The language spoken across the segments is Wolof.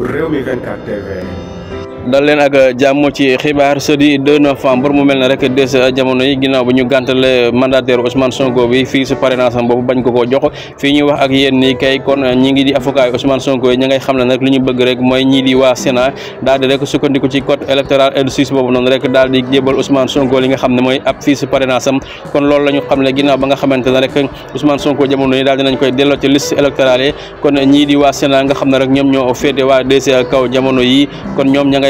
Réumi 24 TV. dal leen ak jàmm ci xibaar sedi 2 novembre mu mel ne rek des jamono yi ginnaaw bi ñu gàntale mandataire Ousmane Sonko bi fii su parrainage am boobu bañ ko koo jox fii yi xam ne nag li ñu bëgg rek mooy ñii di waa Sénat daal di rek sukkandiku ci code électoral nga xam ne mooy ab fii su kon loolu la xam ne ginnaaw ba nga xamante rek Ousmane Sonko jamono yi daal dinañ koy delloo ci liste électorale kon ñii waa Sénat nga xam ne rek ñoom ñoo féete waa DC kaw jamono yi kon ñoom ña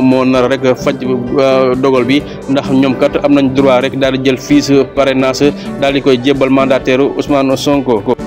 moom moo nar rek faj euh, dogal bi ndax ñoom kat am nañ droit rek daal di jël fiche parrainage daal di koy jébbal mandataire Ousmane Sonko.